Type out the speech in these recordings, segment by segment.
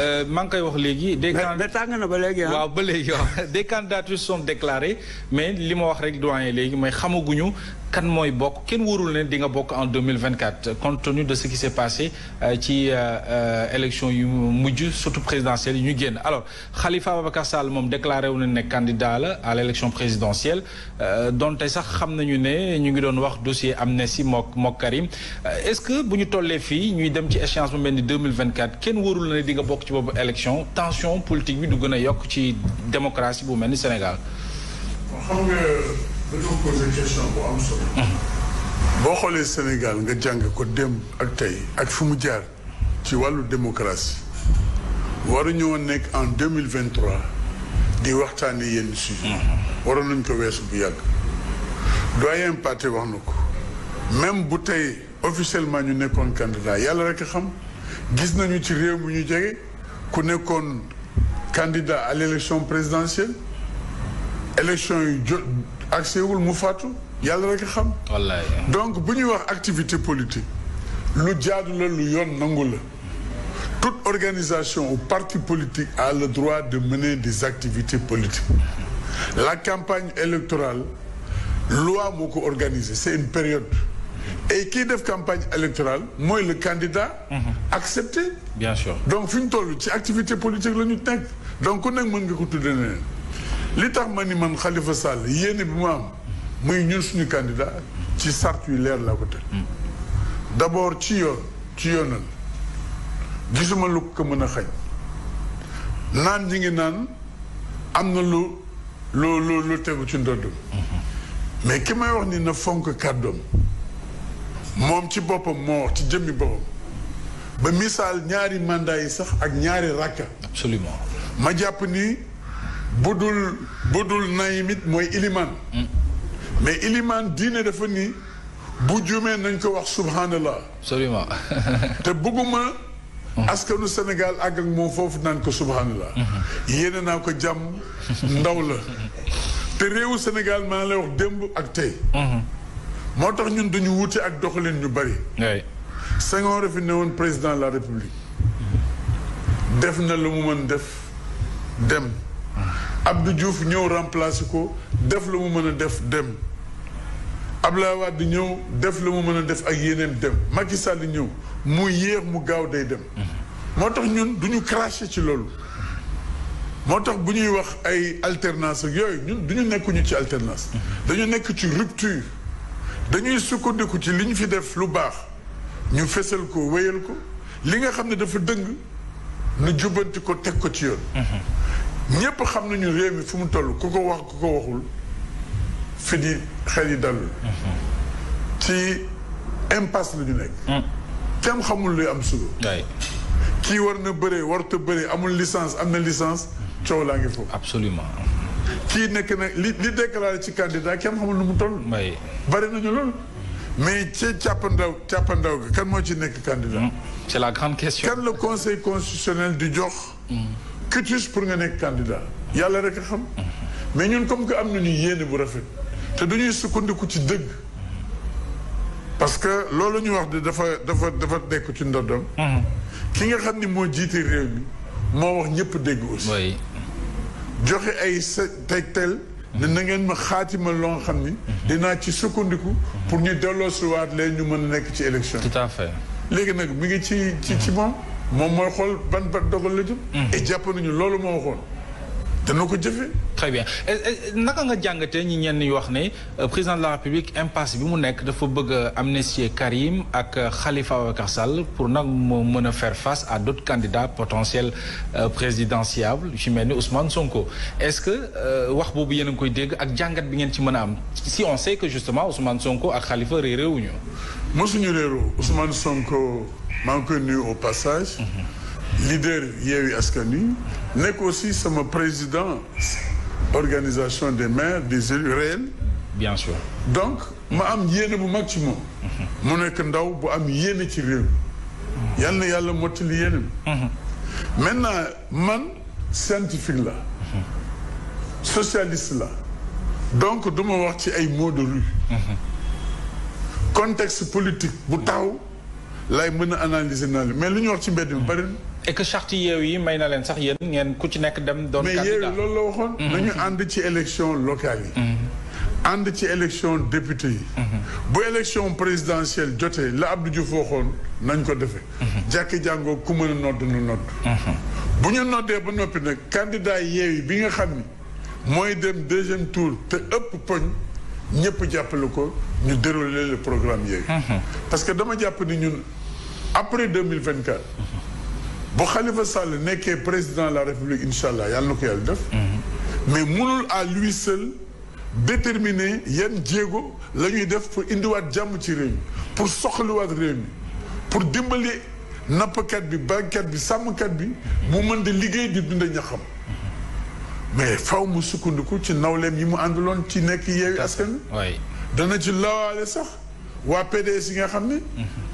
Euh, maa ngi koy wax léegi. des candidats ba léegi ah. waaw ba léegi waaw des candidatures sont déclarées mais li ma wax rek doyen léegi mooy xamaguñu kan mooy bokk kenn wóorul ne di nga bokk en deux mille vingt quatre compte tenu de ce qui s'est passé euh, ci euh, élection yu mujj surtout présidentielle yu ñu génn alors Khalifa Ababacar Sall moom déclaré wu na ne candidat la à l' élection présidentielle donte sax xam nañu ne ñu ngi doon wax dossier amnistie mook mook Karim est ce que bu ñu tollee fii ñuy dem ci échéance bu mel ni kenn warul na nga bokk. ci boobu élection tension politique bi du gën a yokk ci démocratie bu mel ni Sénégal. xam nga dañoo boo xoolee Sénégal nga jàng ko démb ak tey ak fu mu jaar ci wàllu démocratie waruñu nekk en deux mille vingt di waxtaane yenn sujet waroon nañ ko weesu bu yàgg. doyen Pathé wax na ko même bu tey officiellement ñu nekkoon candidat yàlla rek a xam gis nañu ci réew mi ñu jege. ku nekkoon candidat à l' élection présidentielle élection yu accès wul mu fàttu yàlla rek a xam. wallaay donc bu ñuy wax activité politique lu jaadu la lu yoon nangu la toute organisation ou parti politique a le droit de mener des activités politiques la campagne électorale loi moo ko organisée c' est une période. et kii def campagne électorale mooy le candidat mhm. accepté bien donc fi ñu toll ci activité politique la ñu nekk donc ku nekk mën nga ko tudde neneen li tax ma ni man Khalifa Sall yéene bi ma am muy ñun suñu candidat ci sart yu leer laa ko teg mm. d'abord ci yoon ci yoonal gisuma lu ko mën a xañ naan ñi ngi naan am na lu lu lu lu tegu ci ndoddum mm-hmm. mais ki may wax ni na fonk kàddoom moom ci boppam moo wax ci jëmmi boppam ba misaal ñaari mandat yi sax ak ñaari rakka absolument ma jàpp ni bu dul bu dul nayimit mooy iliman mm. mais iliman diine dafa ni bu juumee nañ ko wax subhanallah absolument te bëgguma askanu Sénégal àgg ak moom foofu naan ko subhanallah mm-hmm. yéene naa ko jàmm ndaw la te réewu Sénégal maa ngi lay wax démb ak tey mm-hmm. moo tax ñun dañu wuute ak doxalin ñu bari. Senghor fi ne woon président de la république. def na lu mu mën def dem. Abdou Diouf ñëw remplacer ko def lu mu mën a def dem. Abdoulaye Wade ñëw def lu mu mën a def ak yeneen dem Macky Sall ñëw mu yéex mu gaaw day dem. moo tax ñun du ñu craché ci loolu. moo tax bu ñuy wax ay alternance yooyu ñun du nekkuñu ci alternance. dañu nekk ci rupture. dañuy sukkandiku ci li ñu fi def lu baax ñu fesal ko wéyal ko li nga xam ne dafa dëng nu jubbanti ko teg ko ci yoon mm-hmm. ñépp xam nañu réew mi fu mu toll ku ko wax ku ko waxul fi di xel yi dalul mm-hmm. ci impasse la nekk mm. kenn xamul luy am suba kii war na bëree warut a bëree amul licence am na lissance mm. coow laa ngi foofu absolument kii nekk na li li déclaré ci candidat kenn xamul nu mu toll. bari nañu lool mais ci càppandaw càppandaw gi kan moo ci nekk candidat. Mm, c'est la grande question. kan le conseil constitutionnel di jox. cutus pour nga nekk candidat. yàlla rek a xam. Mm. mais ñun comme que am na nañu yéene bu rafet. te dañuy sukkandiku ci dëgg. parce que loolu ñu wax de dafa dafa dafa nekk ci ndodom mm-hmm. ki nga xam ni moo jiite réew mi moo wax ñëpp dégg aussi. joxe ay sa tegtal ne na ngeen ma xaatima loo xam ni dinaa ci sukkandiku pour ñu delloo suwaat leen ñu mën a nekk ci élection tout à fait léegi nag mi ngi ci ci ci moom moom mooy xool ban ba dogal la jëm mm. et jàpp nañu loolu moom waxoon dana ko jëfee. très bien nga jàngatee ñi ngeen ñu wax ne euh, président de la république impasse bi mu nekk dafa bëgg a amnistier Karim ak xalifa euh, Ababacar Sall pour nag mu mën a faire face à d'autres candidats potentiels euh, présidentiables yu mel ni Ousmane Sonko est-ce que wax boobu yéen a koy dégg ak jàngat bi ngeen ci mën a am si on sait que justement Ousmane Sonko ak Khalifa réeréewuñu. mosuñu réeroo Ousmane Sonko maa ngi koy nuyu au passage. Mm-hmm. leader Yewwi Askan Wi nekk aussi sama président organisation des maires des élus réels donc ma am yéene bu mag ci moom mu nekk ndaw bu am yéene ci réew yal na yàlla mottali yéene maintenant man scientifique la socialiste la donc du ma wax ci ay mots de rue contexte politique bu taxaw laay mën a analyser naa li mais lu ñu wax ci mbedd mi bari et que charte yeew yi may na leen sax yéen ngeen ku ci nekk dem doon candidat mais yeew loolu la waxoon mhm. nañu ànd ci élection locale yi mhm. ànd ci élection député yi mhm. bu élection présidentielle jotee la Abdou Diouf waxoon nañ ko defee jàkki jàngoo ku mën a nodd nu nodd bu ñu noddee ba noppi nag candidat yeew yi bi nga xam ni mooy dem deuxième tour te ëpp poñ ñëpp jàppale ko ñu dérouler le programme yeew parce que dama jàpp ni ñun après bu Khalifa Sall nekkee président la République incha allah yàlla na ko yàlla def. mais mënul à lui seul déterminer yan jéego la ñuy def pour indiwaat jàmm ci réew mi pour soxliwaat réew mi pour dimbali nappkat bi baykat bi sàmmkat bi mu mën di liggéey di dund ñaxam mais faw mu sukkandiku ci nawleem yi mu ànduloon ci nekk yeewi askan dana ci lawaale sax waa PDS yi nga xam ni mhm.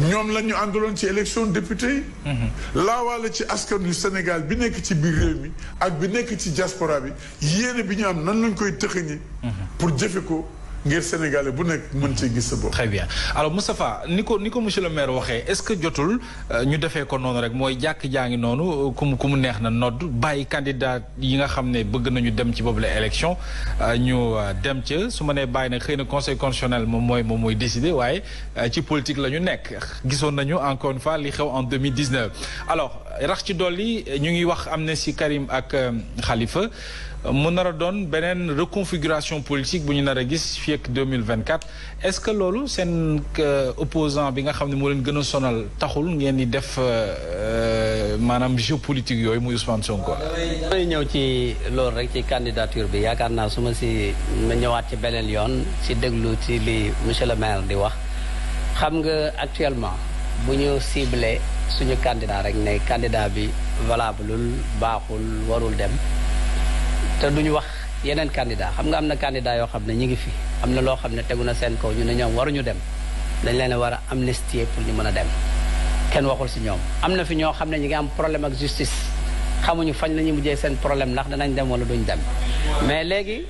ñoom la ñu àndaloon ci élection député yi. Mhm. laawaale ci askan yu Sénégal bi nekk ci biir réew mi ak bi nekk ci diaspora bi yéene bi ñu am nan lañ koy tëxëñee. Mhm. pour jëfe ko. ngir sénégalais bu nekk mën ci gis sa bopp. très bien alors Moustapha ni ko ni ko monsieur le maire waxee est-ce que jotul euh, ñu defee ko noonu rek mooy jàkk jaa ngi noonu euh, ku mu ku mu neex na nodd bàyyi candidat yi nga xam ne bëgg nañu dem ci boobu la élection euh, ñu dem ca su ma nee bàyyi na xëy na conseil constitutionnel moom mooy moom mooy décider waaye ci politique la ñu nekk gisoon nañu encore une li xew en 2019 alors rax ci dolli ñu ngi wax am na si Karim ak xalifa euh, mu nar a doon beneen reconfiguration politique bu ñu nar a gis fii ak 2024 est-ce que loolu seen euh, opposant bi nga xam ne moo leen gën a sonal taxul ngeen di def euh, maanaam jeu politique yooyu muy Ousmane Sonko. damay ñëw ci loolu rek ci candidature bi yaakaar naa su ma si ñëwaat ci beneen yoon si déglu ci li monsieur le maire di wax xam nga actuellement bu ñu ciblé. suñu candidat rek ne candidat bi valableul baaxul warul dem te duñu wax yeneen candidat xam nga am na candidat yoo xam ne ñu ngi fi am na loo xam ne tegu na seen kaw ñu ne ñoom waruñu dem dañ leen a war a amnistier pour ñu mën a dem kenn waxul si ñoom am na fi ñoo xam ne ñu ngi am problème ak justice xamuñu fañ la mujjee seen problème ndax danañ dem wala duñ dem mais léegi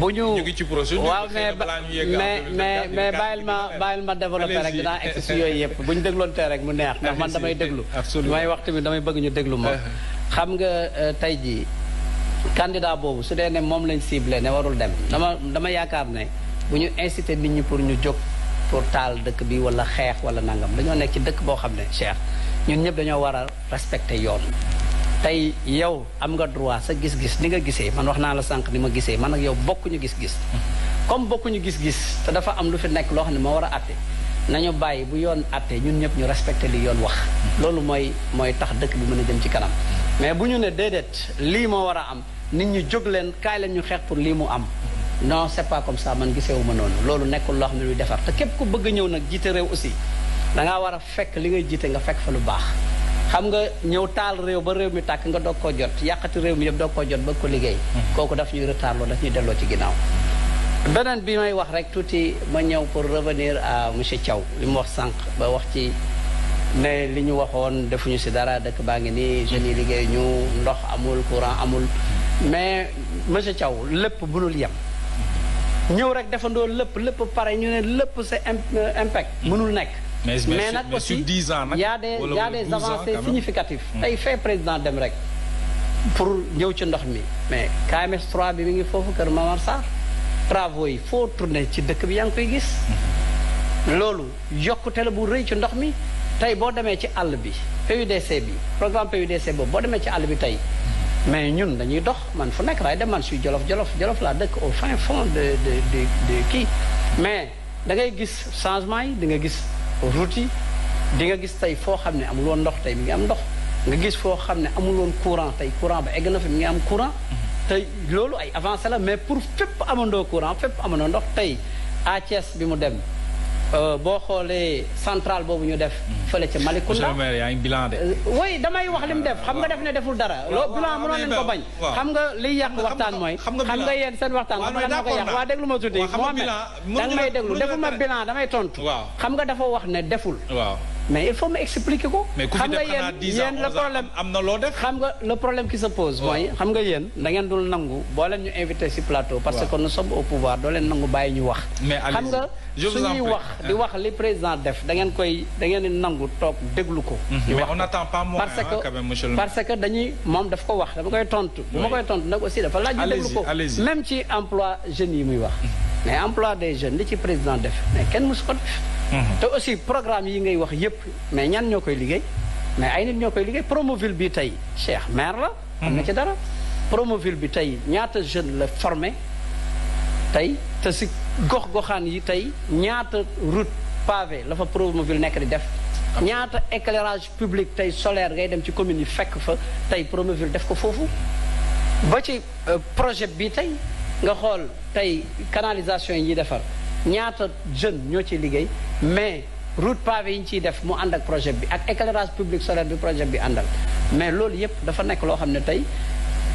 bu ñu ñu ngi ci procédure waaw mais mais mais mais bàyyil ma bàyyil ma développé rek dinaa egg si yooyu yëpp bu ñu dégloontee rek mu neex ndax man damay déglu may wax tamit damay bëgg ñu déglu ma uh-huh. xam nga euh, tey jii kandidaa boobu su dee ne moom lañ ciblé ne warul dem dama dama yaakaar ne bu ñu incité nit ñi pour ñu jóg pour taal dëkk bi wala xeex wala nangam dañoo nekk ci dëkk boo xam ne Cheikh ñun ñëpp dañoo war a yoon tey yow am nga droit sa gis-gis ni nga gisee man wax naa la sànq ni ma gisee man ak yow bokkuñu gis-gis. comme bokkuñu gis-gis te dafa am lu fi nekk loo xam ne moo war a àtte nañu bàyyi bu yoon àtte ñun ñëpp ñu respecté li yoon wax. loolu mooy mooy tax dëkk bi mën a dem ci kanam. mais bu ñu ne déedéet lii moo war a am nit ñu jóg leen kaay leen ñu xeex pour lii mu am. non c'est pas comme ça man gisewu ma noonu loolu nekkul loo xam ne luy defar te képp ku bëgg ñëw nag jiite réew aussi da fekk li ngay jiite nga fekk fa lu baax. xam nga ñëw taal réew ba réew mi tàkk nga doog koo jot yàqati réew mi yëpp doog koo jot ba ko liggéey mm-hmm. kooku daf ñuy retard loolu daf ñuy delloo ci ginnaaw beneen bi may wax rek tuuti ma ñëw pour revenir à monsieur Thiaw li mu wax sànq ba wax ci mais li ñu waxoon defuñu si dara dëkk baa ngi nii jeunes yi mm-hmm. liggéey ñu ndox amul courant amul mm-hmm. mais monsieur Thiaw lépp mënul yem ñëw rek defandoo lépp lépp pare ñu ne lépp c'est impact mënul nekk mais mais nag aussi y a des y a des avancées significatives. Hmm. tey fee président dem rek pour ñëw ci ndox mi mais KMS 3 bi mi ngi foofu Kër Mamar Sarr travaux yi foo tourné ci dëkk bi yaa ngi koy gis. Hmm. loolu yokkute la bu rëy ci ndox mi tey boo demee ci àll bi PUDC bi programme PUDC boobu boo demee ci àll bi tey. Hmm. mais ñun dañuy dox man fu nekk laay dem man suy jolof jolof jolof laa dëkk au fin fond de kii mais da ngay gis changement yi di nga gis. ruuti di nga gis tey foo xam ne amul woon ndox tey mi ngi am ndox nga gis foo xam ne amul woon courant tey courant ba egg na fi mi ngi am courant mhm. tey loolu ay avancé la mais pour fépp amandoo courant fépp amandoo ndox tey Thiès bi mu dem Euh, boo xoolee centrale boobu ñu def. Hmm. fële ca Malicounda yaa ngi bilan euh, damay wax li mu def xam nga def ne deful dara. loo bilan mënoon nañu ko bañ. xam nga liy yàq waxtaan mooy. xam nga yéen seen waxtaan xam nga lan ko yàq waa déglu ma tuuti. waaw may déglu deful ma bilan damay tontu. xam nga dafa wax ne deful. waaw mais il faut ma expliquer ko. xam nga yéen yéen problème am na loo def. xam nga le problème qui se pose. mooy xam nga yéen da ngeen dul nangu boo leen ñu invité ci plateau. parce que nous sommes au pouvoir doo nangu bàyyi ñu wax. xam nga suñuy wax di wax li président def da ngeen koy da ngeen nangu toog déglu ko. Mhm. di wax on n'attend pas moins quand même parce que dañuy moom daf ko wax dama koy tontu. dama koy tontu nag aussi dafa laaj. déglu ko même ci emploi jeunes yi muy wax. Mhm. mais emploi des jeunes li ci président def mais kenn mësu ko Mm-hmm. te aussi programme yi ngay wax yépp mais ñan ñoo koy liggéey mais ay nit ñoo koy liggéey Promoville bi tey Cheikh maire la. am na mm-hmm. ci dara Promoville bi tey ñaata jeune la formé tey te si gox-goxaan yi tey ñaata route pavé la fa Promoville nekk di def. ñaata éclairage publique tey solaire ngay dem ci commune yi fekk fa tey Promoville def ko foofu. ba ci euh, projet bi tey nga xool tey canalisation yi defar ñaata jeune ñoo ci liggéey. mais route pavé yi ñu ciy def mu ànd ak projet bi ak éclairage public solaire bi projet bi àndal mais loolu yëpp dafa nekk loo xam ne tey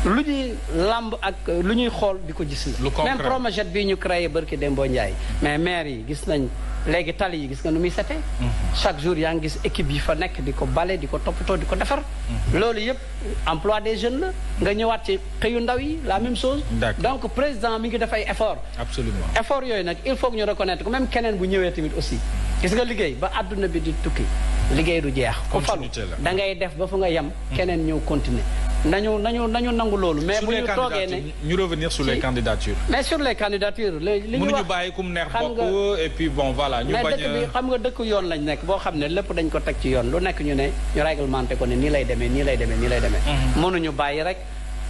lu ñuy làmb ak lu ñuy xool di ko gis la même projet bi ñu créé bërki Dembo Ndiaye mais mair yi gis nañ léegi tali yi gis nga nu muy setee mhm. chaque jour yaa ngi gis équipe yi fa nekk di ko bale di ko toppatoo di ko defar mhm. loolu yëpp emploi des jeunes la nga ñëwaat ci xëyu ndaw yi la même chose donc président mi ngi def ay effort absolument effort yooyu nag il faut ñu reconnaître que même keneen bu ñëwee tamit aussi gis nga liggéey ba àdduna bi di tukki liggéey du jeex ku falu da ngay def ba fu nga yem keneen ñëw continuer nañu nañu nañu nangu loolu. mais bu ñu toogee ne ñu revenir sur les candidatures. mais sur les candidatures li ñu wax mënuñu neex bopp dëkk bi xam nga dëkk yoon lañ nekk boo xam ne lépp dañ ko teg ci yoon lu ñu ne ñu réglementé ko ne nii lay demee nii lay demee nii lay demee. Mhm. mënuñu bàyyi rek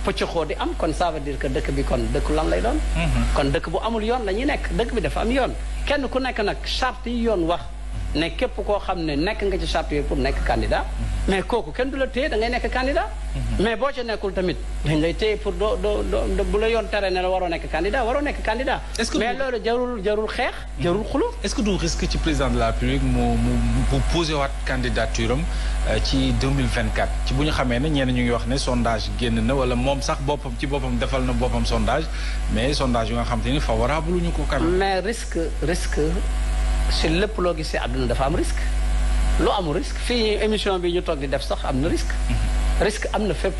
pëccëxoo di am kon ça veut dire que dëkk bi kon dëkk lan lay doon. Mhm. kon dëkk bu amul yoon la nekk dëkk bi dafa am yoon. kenn ku nekk nag charte yi yoon wax. ne képp koo xam ne nekk nga ci charte yooyu pour nekk candidat mais kooku kenn du la téye da ngay nekk candidat mais boo ci nekkul tamit dañ ngay téye pour doo doo doo bu la yoon tere ne la waroo nekk candidat waroo nekk candidat mais loolu jarul jarul xeex jarul xulu est-ce que du risque ci président de la République mu mu posé waat candidature am euh, ci 2024 ci bu ñu xamee ne ñenn ñu ngi wax ne sondage génn na wala moom sax boppam ci boppam defal na boppam sondage mais sondage yu nga xam te ni favorable ñu ko kan mais risque risque si lépp loo si àdduna dafa am risque lu amul risque fii émission bi ñu toog di def sax am na risque mhm. risque am na fépp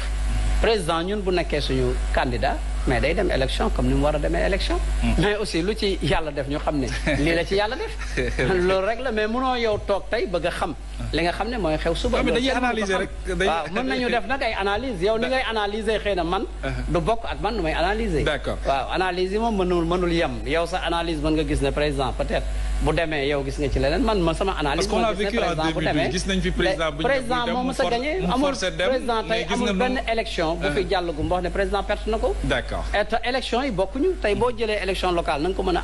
président ñun bu nekkee suñu candidat mais day dem élection comme ni mu war a demee élection mhm. mais aussi lu ci yàlla def ñu xam ne lii la ci yàlla def loolu rek la mais mënoo yow toog tey bëgg a xam ah. li nga xam ne mooy xew suba ah, dañuy analyser rek waaw mën nañu def nag ay analyse yow ni ngay analyser xëy na man ah. du bokk ak man nu may analyser d'accord waaw analyse yi moom mënul mënul yem yow sa analyse mën nga gis ne président peut bu demee yow gis nga ci leneen man man sama analyse. parce qu'on a vécu en 2012 gis nañ fi président bu président moom mos a gagné amul benn élection bu fi ah. jàll gu wax ne président perte na ko. d'accord yi bokkuñu tey boo jëlee élection locale na nga ko mën hmm.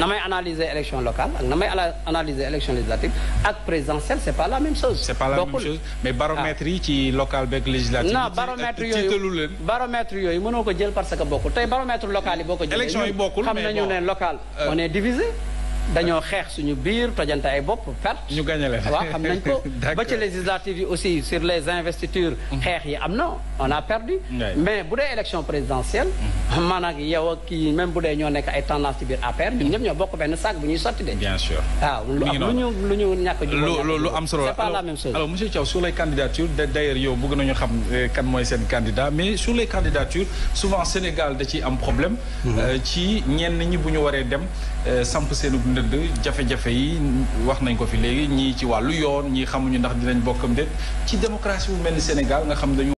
na may analyser élection locale ak na may analyser élection législative ak présidentielle c'est pas la même chose. c'est pas la même chose mais baromètre ah. yi ci local beeg législative. non baromètre yooyu baromètre ko jël parce que bokkul tey baromètre local yi boo ko jëlee. yi bokkul mais xam nañu on est dañoo xeex suñu biir tojante ay bopp perte. ñu gagné leen waaw xam nañ ko. ba ci législative yi aussi sur les investitures. Mhm. xeex yi am na on a perdu. mais bu dee élection présidentielle. Mhm. maanaam yow ak kii même bu dee ñoo nekk ay tendance ci biir APR ñun ñëpp ñoo bokk benn sac bu ñuy sotti de. bien sûr lu ñàkk a. lu lu am solo c'est pas la même chose. alors monsieur Thiaw sur les candidatures d'ailleurs yow bëgg nañu xam euh, kan mooy seen candidat mais sur les candidatures souvent Sénégal da ciy am problème. Mhm. Euh, ci ñenn ñi bu ñu waree dem. Euh, samp seenub ndëdd jafe-jafe yi wax nañ ko fi léegi ñii ci wàllu yoon ñii xamuñu ndax dinañ bokkam de ci démocratie bu mel ni Sénégal nga xam dañu